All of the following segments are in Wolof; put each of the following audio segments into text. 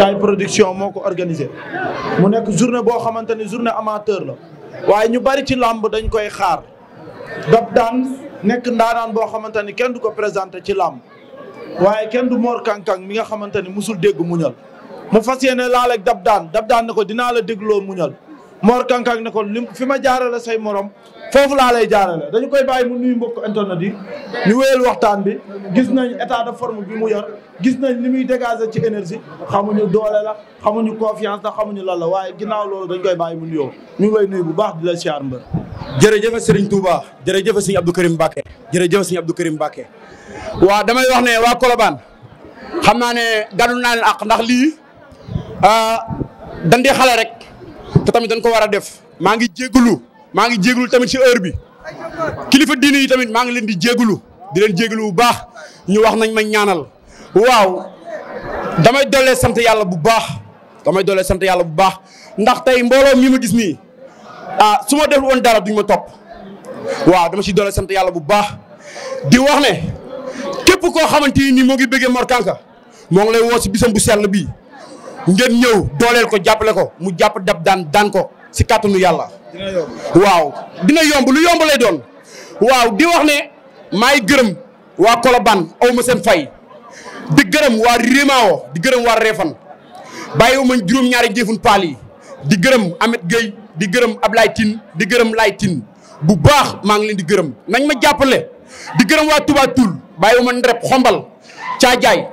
Njaañ production moo ko organisé mu nekk journée boo xamante ne journée amateur la waaye ñu bari ci làmb dañ koy xaar Dab Daan nekk ndaanaan boo xamante ni kenn du ko présenté ci làmb waaye kenn du Mor Kankang mi nga xamante ni musul dégg mu muñal mu fas yéene laal ak Dab Daan Dab Daan ne ko dinaa la dégloo muñal Mor Kankang ne ko fi ma jaarale say morom foofu laa lay jaarale dañu koy bàyyi mu nuyu mbokk internet yi ñu wéyal waxtaan bi gis nañ état de forme bi mu yor gis nañ li muy dégager ci énergie xamuñu doole la xamuñu confiance la xamuñu lan la waaye ginnaaw loolu dañ koy bàyyi mu nuyoo ñu ngi lay nuyu bu baax di la siyaar mbër. jërëjëf Serigne Touba jërëjëf Serigne Abdou Karim Mbacké jërëjëf Serigne Abdou Karim Mbacké waa damay wax ne waa Colobane xam naa ne ganu naa leen ak ndax lii ah, dañ di xale rek te tamit dañ ko war a def maa ngi jégalu. maa ngi jégalu tamit ci heure bi kilifa diine tamit maa ngi leen di jéeglu di leen jégalu bu baax ñu wax nañ ma ñaanal waaw damay doole sant yàlla bu baax damay doole sant yàlla bu baax ndax tey mbooloo mi ma gis nii ah su ma def woon dara duñ ma topp waaw dama ci doole sant yàlla bu baax di wax ne képp koo xamante ni moo ngi béggee Mor Kànka moo ngi lay woo ci bisam bu sell bi ngeen ñëw dooleel ko jàppale ko mu jàpp dab daan daan ko ci kàttanu yàlla dina yomb waaw dina yomb lu yomb lay doon. waaw di wax ne maay gërëm waa Colobane aw ma seen fay di gërëm waa Rimao di gërëm waa Réfan bàyyiwu ma juróom-ñaari jëfun paal di gërëm amet Gueye di gërëm Ablaye Tine di gërëm Laye Tine bu baax maa ngi leen di gërëm nañ ma jàppale di gërëm waa Touba bay bàyyiwu ma Ndrep Xombal Caajaay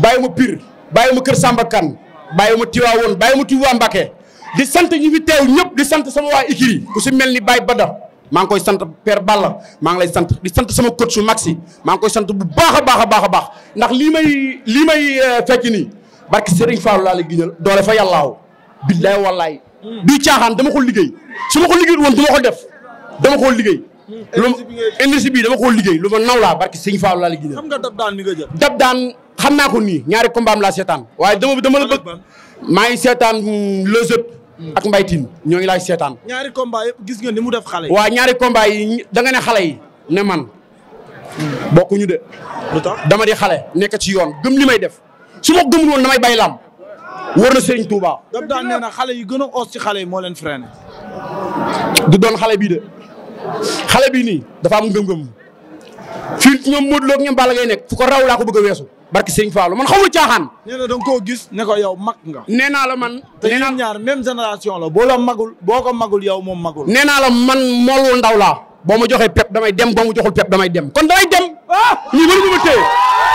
bàyyiwu ma Pire bàyyiwu ma Kër Samba Kane bàyyiwu ma Tiwaawoon bàyyiwu ma Touba Mbacké di sant ñi fi teew ñëpp di sant sama waa Ikiri ku si mel ni Baye Bada maa ngi koy sant Père Balla maa ngi lay sant di sant sama coach su Maxi maa ngi koy sant bu baax a baax a baax a baax ndax lii may lii may euh, fekk nii barke Serigne Fallou laa la giñal doole fa yàllaaw billaay wallaay hmm. du caaxaan dama ko liggéey su ma ko liggéey woon dama ko def dama ko liggéey. Hmm. lu bi dama ko liggéey lu ma naw laa barke Serigne Fallou laa la giñal. xam nga dab daan mi nga jël. dab daan naa ko nii ñaari combat am laa seetaan. waaye dama dama la bëgg maa ngi seetaan hmm, le jeu Mm. ak Mbaye Tine ñoo ngi laay seetaan. ñaari combat gis nga ni mu def xale yi. waaw ñaari combat yi da nga ne xale yi ne man mm. bokkuñu de. lu tax dama di xale nekk ci yoon gëm li may def su ma gëmul woon damay bay lam wër na Serigne Touba. daf daan nee na xale yi gën a os ci xale yi moo leen freiné. du doon xale bii de xale bii nii dafa am ngëm gëm fii ñoom Modou Lo ak ñoom Balla Gaye nekk fu ko raw laa ko bëgg weesu. barki sëñ Fallou man xamul caaxaan. nee na da nga koo gis ne ko yow mag nga. nee naa la man. nee naa ñaar même génération la boo la magul boo ko magul yow moom magul. nee naa la man moolu ndaw laa. boo ma joxee pep damay dem boo ma joxul pep damay dem kon damay dem. ah lii bëri ma téye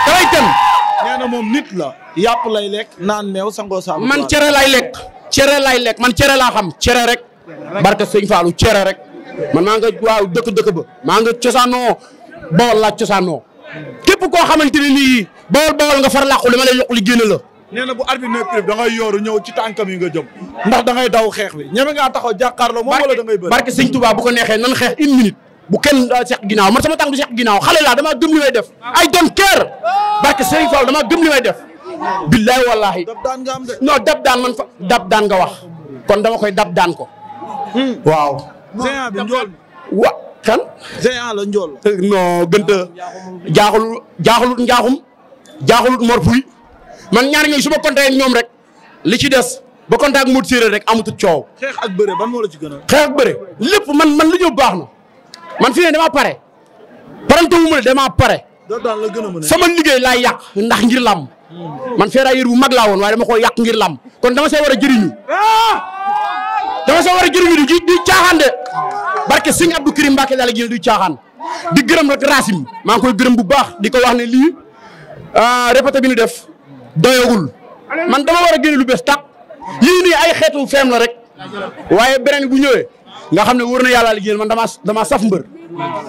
damay dem. nee na moom nit la. yàpp lay lekk naan meew sangoo saabu. man cere lay lekk. cere lay lekk man cere laa xam cere rek. barke sëñ Fallou cere rek. man maa nga waaw dëkk dëkk ba. maa nga cosaanoo Bawol laa cosaano képp koo xamante ne nii bawol bawol nga far làqu li ma lay yokk li génn la. nee na bu arbitre ne prib da ngay yooru ñëw ci tànkam yi nga jëm. ndax da ngay daw xeex bi ñeme ngaa taxaw jàkkaarloo moom wala da ngay bëri. barke sëñ Touba bu ko neexee nan xeex une minute. bu kenn daa seq ginnaaw man sama tànk du seq ginnaaw xale laa damaa gëm li may def. ay don care. barke sëñ Fall damaa gëm li may def. billaay wallaahi. dab dab daan man fa dab daan nga wax. kon dama koy dab daan ko. Hmm. waaw. kan. géant la njool. Euh, non gënt a jaaxul jaaxulut njaaxum jaaxulut mor puy man ñaar ñooy su ma compté ñoom rek li ci des ba compté ak Séeréer rek amutut coow. xeex ak bëre ban moo la ci gën a. xeex ak bëre man man li ñëw baax na man fi ne damaa pare parante wu ma ne damaa pare. la gën a sama liggéey laay yàq ndax ngir lam man ferrailleur bu mag laa woon waaye dama ko yàq ngir làmm kon ah! dama see war a jëriñu. di di caaxaan de barke sëñ Abdou Karim Mbacke daal gi du caaxaan di gërëm rek Racine maa ngi koy gërëm bu baax di ko wax ne lii ah, répété bi ñu def doyagul man dama war a génne lu bes tàq lii nii ay xeetu feem la rek waaye beneen bu ñëwee nga xam ne wóor na yàlla liggéeyal man dama damaa saf mbër.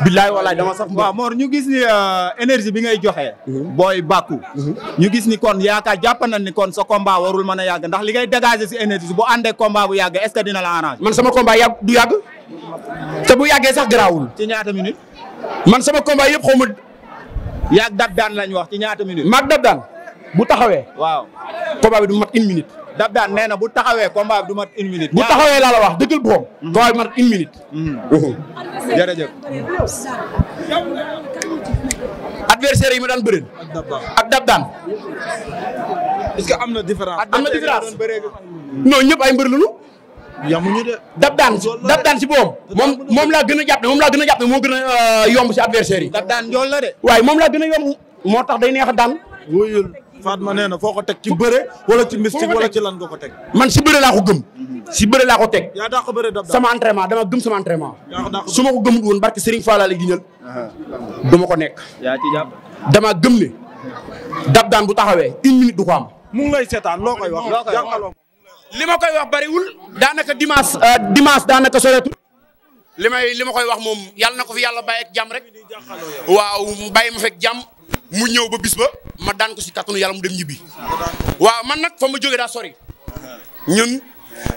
billaay walaay dama saf mbër. waaw Mor ñu gis ni euh, énergie bi ngay joxe. Mhm. booy bàkku mhm. ñu gis ni kon yaakaar jàpp nañ ni kon sa combat warul mën a yàgg ndax li ngay dégager si énergie bu àndee combat bu yàgg dina la arranger. te bu yàggee sax garaawul. ci ñaata minute. man sama combat yëpp xaw ma. yàgg dab lañ wax ci ñaata minute. maag dab bu taxawee. waaw du mat une minute. dab na bu taxawee combat bi du mat bu taxawee laa la wax dëggal boom. Mhm. combat bi mat une minute. Mhm. adversaire yi ma daan bëri. ak dab daan. que am na différence. am na différence non ñëpp ay mbër lañu. yamuñu de. dab daan dab daan si boom moom moom laa gën a jàpp ne moom laa gën a jàpp ne moo gën a euh, yomb si adversaire yi. dab daan njool la de. waaye moom laa gën a yomb moo tax day neex a daan. wóyul Fatma nee na foo ko teg ci bëre. wala ci mystique wala ci lan nga ko teg. man si bëre laa ko gëm. si bëre laa ko teg. yaa daa ko bëre dab daan sama entraînement dama gëm sama entraînement. su ma ko gëmul woon barke Serigne Fall la giñal. dama ko nekk. yaa ci jàpp dama gëm ne. dab daan bu taxawee une minute du ko am. mu ngi lay seetaan koy wax li ma koy wax bariwul daanaka dimanche euh, dimanche daanaka soreetul li may li ma koy wax moom yàlla na ko fi yàlla bàyyi ak jàmm rek waaw bàyyi ma fekk jàmm mu ñëw ba bis ba ma daan ko si kattanu yàlla mu dem ñibbi waaw man nag fa ma jóge daa sori ñun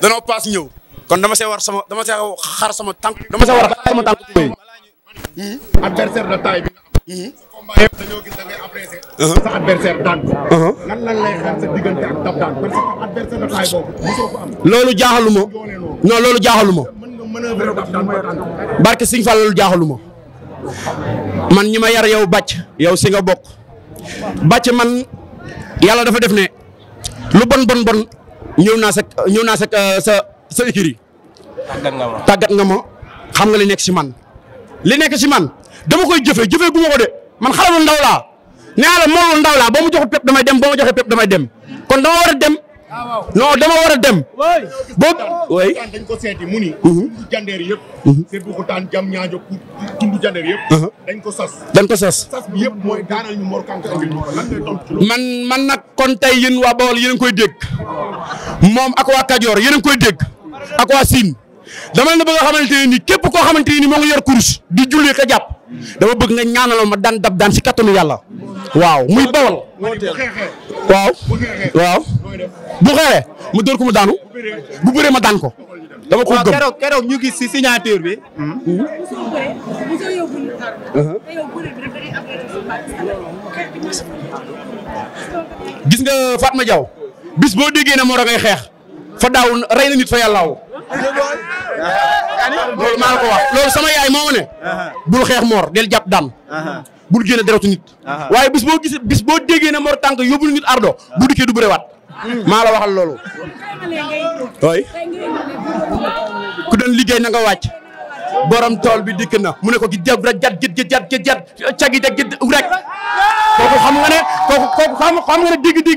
danoo paas ñëw kon dama see war sama dama see xar sama tànk dama see war a xar sama tànk hmm? adversaire de combat yëpp dañoo gis da ngay apprécier. sa adversaire daan ko. lan ko loolu jaaxaluma non loolu jaaxaluma. barke Sëñ Fall loolu jaaxaluma. man ñi ma yar yow bàcc yow singa nga bokk bàcc man yàlla dafa def ne lu bon bon bon ñëw naa sa ñëw naa sa sa sa écurie tàggat nga ma xam nga li nekk si man li nekk si man dama koy jëfee jëfee gu ma ko de man xale lu ndaw laa nee la moolu ndaw laa boo mu joxul pep damay dem boo ma joxee pep damay dem kon dama war dem. non dama war a dem. boo oui. dañ ko mu ni. tundu mhm. jandeer yëpp. seet bu ko taan jam ñaajo tundu jandeer yëpp. Mhm. dañ ko sas. dañ ko sas. sas yëpp mooy daanal ñu man man nag kon tey yéen waa Bawol yéen a koy dégg moom ak waa Kajoor yéen koy dégg ak waa Siin dama la bëgg a xamante ni képp koo xamante ni moo ngi yor course di julli ka jàpp dama bëgg nga ñaanal ma daan dab daan si kattanu yàlla waaw muy bawal. waaw waaw bu xeexee mu dóor ko mu daanu bu bëree ma daan ko dama ko gëm. keroog ñu gis si signature bi. gis nga Fatma Diaw bis boo déggee ne moo da ngay xeex fa daaw rey na nit fa yàllaaw loolu maa la ko wax loolu sama yaay moo ma bul xeex moor del jàpp daan. bul génne deretu nit. waaye bis boo gisee bis boo déggee ne mor tànk yóbbul nit ardo bu dikkee du bërewaat. maa la waxal loolu. ooy. ku doon liggéey na nga wàcc. borom tool bi dikk na mu ne ko gi jag rek jat git gi jat gi jat cagi jag gi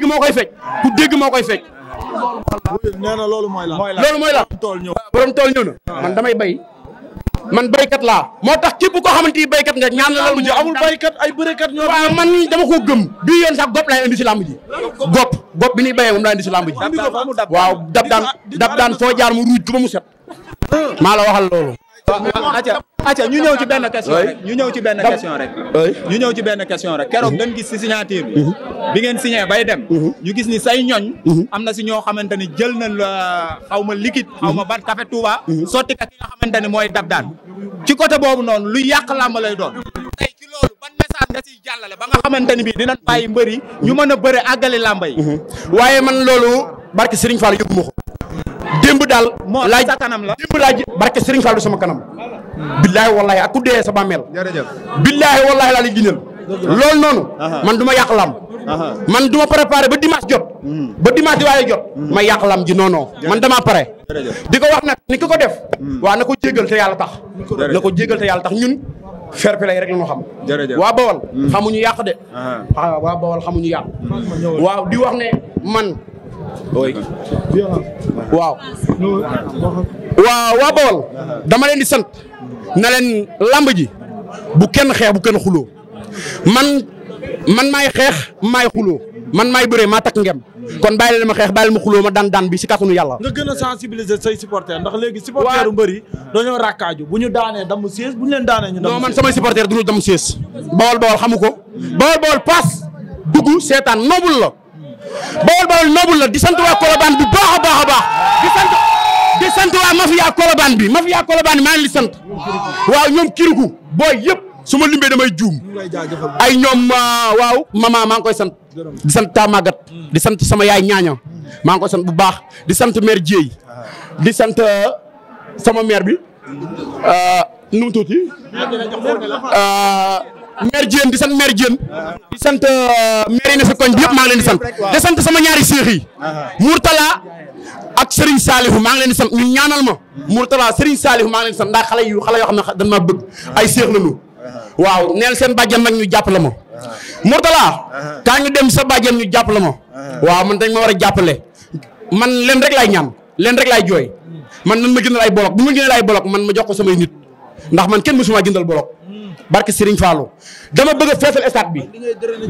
moo koy fecc ku dégg moo koy fecc. nee na loolu mooy lan loolu mooy lan borom tool ñëw na man damay bay man béykat laa moo tax képp koo xamante ni béykat nga ñaan la loolu mu béykat ay bërekat ñoo man dama ko gëm bii yoon sax gopp laay indi si làmb ji gopp gopp bi ni béyee moom laa indi si làmb ji waaw dab daan dab daan foo jaar mu ruuj ba mu set maa la waxal loolu acca ñu ñëw ci benn question rek ñu ñëw ci benn question rek ñu ñëw ci benn question rek keroog dañ gis si signature bi mhm. bi ngeen siñee bay dem mhm. ñu gis ni say ñoñ mhm. am na si ñoo xamante ni jël na la xaw ma liquide xaw ma ban café Touba sotti ka ki nga xamante ni mooy dab daan ci côté boobu noonu lu yàq làmb lay doon tey ci loolu ban message nga siy jàllale ba nga xamante ni bii dinañ bàyyi mbër yi ñu mën a bëri àggali làmb yi waaye man loolu barke Serigne Fall yóbbu ma ko démb daal laaj sa la démb laaj barke Serigne Fall sama kanam billaahi wallaahi a ku dee sa bàmmeel. jërëjëf billaahi wallaahi laa lay ginal. loolu noonu. man du ma yàq lam man du ma préparé ba dimanche jot. Hmm. ba dimanche di waaye jot. Hmm. ma yàq lam ji non non man damaa pare. di ko wax na ni ko ko def. Hmm. waa na ko jégal te yàlla tax. na ko jégal yàlla tax ñun. fair play rek la ñu xam. waa Bawol. xamuñu yàq de. ah waa Bawol xamuñu yàq. waaw di wax ne man. ooy waaw. waa Bawol. dama leen di sant. na leen lamb ji bu kenn xeex bu kenn xuloo man man maay xeex maay xulo man maay bëree maa takk ngem kon bàyyi leen ma xeex bàyyi leen ma xulo ma daan daan bi si kàttanu yàlla. nga gën a sensibiliser say supporters ndax léegi. supporters yu mbëri dañoo rakkaaju bu ñu daanee damm sées bu ñu leen daanee ñu. damm sées man samay supporters du ñu damm sées. bawol bawol xamu ko. bawol bawol paas dugg seetaan noobul la. bawol bawol noobul la di sant waa Colobane bu baax a baax a baax di sant waa mafia Colobane bi mafia Colobane bi maa ngi li sant waaw ñoom kiriku booy yëpp su ma limbee damay juum ay ñoom ah, waaw ma maa ngi koy sant di sant ta màggat di sant sama yaay ñaaño maa ngi koy sant bu baax di sant maire Dieye di sant ah, sama maire bi ah, nu tuuti maire Diène di sant maire Diène di sant euh, maire yi ne fi koñ bi yëpp maa leen di sant di sant sama ñaari séex yi Mourtala ak Serigne Salihu maa ngi leen di sant ñu ñaanal ma Mourtala Serigne Salihu maa ngi leen di sant ndax xale yu xale yoo xam ne dañ maa bëgg ay waaw neel seen bàjjen nag ñu jàppale ma Mourtala kaa ñu dem sa bàjjen ñu jàppale ma waaw man dañ ma war a jàppale man leen rek laay ñaan leen rek laay jooy man nan ma gënal ay bolok bu ma gënal ay bolok man ma jox ko samay nit ndax man kenn mësuma jëndal bolok barke Serigne Fallou dama bëgg a feesal bi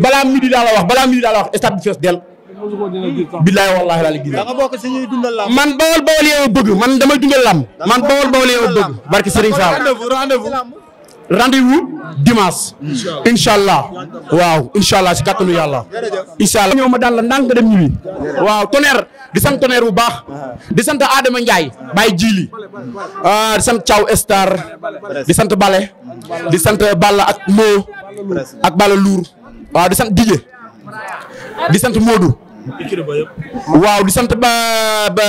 balaa midi daa la wax balaa midi daa la wax stade bi fees del billaay wallahi laal gi da nga bokk ci ñuy dundal man bawol bawol yow bëgg man damay dundal lam man bawol bawol yow bëgg barke Serigne Fallou rendez-vous dimanche. incha allah waaw incha allah si kàttanu yàlla. incha allah ñëw ma daan la ndànk dem ñibbi. waaw tonnerre di sant tonnerre bu baax. di sant Adama Ndiaye. Baye Djili. Ah, di sant Thiaw Star. di sant Bale. di sant Balla ak Mo. ak Balla Lour. waaw di sant Dije. di sant Modou. waaw di sant ba ba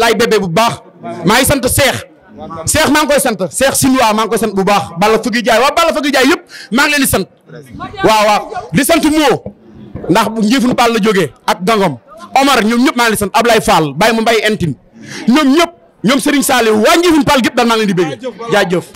Laye bu baax. maa ngi sant Cheikh. seex maa ngi koy sant seex sinuwaa maa ngi koy sant bu baax balla fëggi jaay waaw balla fëggi jaay yëpp maa ngi leen di sant waaw waaw di sant moo ndax bu njiifun pal la jóge ak gangom omar ñoom ñëpp maa ngi leen di sant Ablaye bay Baye mu Mbaye Entine ñoom ñëpp ñoom Serigne Saliou waa njiifun pal gépp daal maa leen di bëgg jaajëf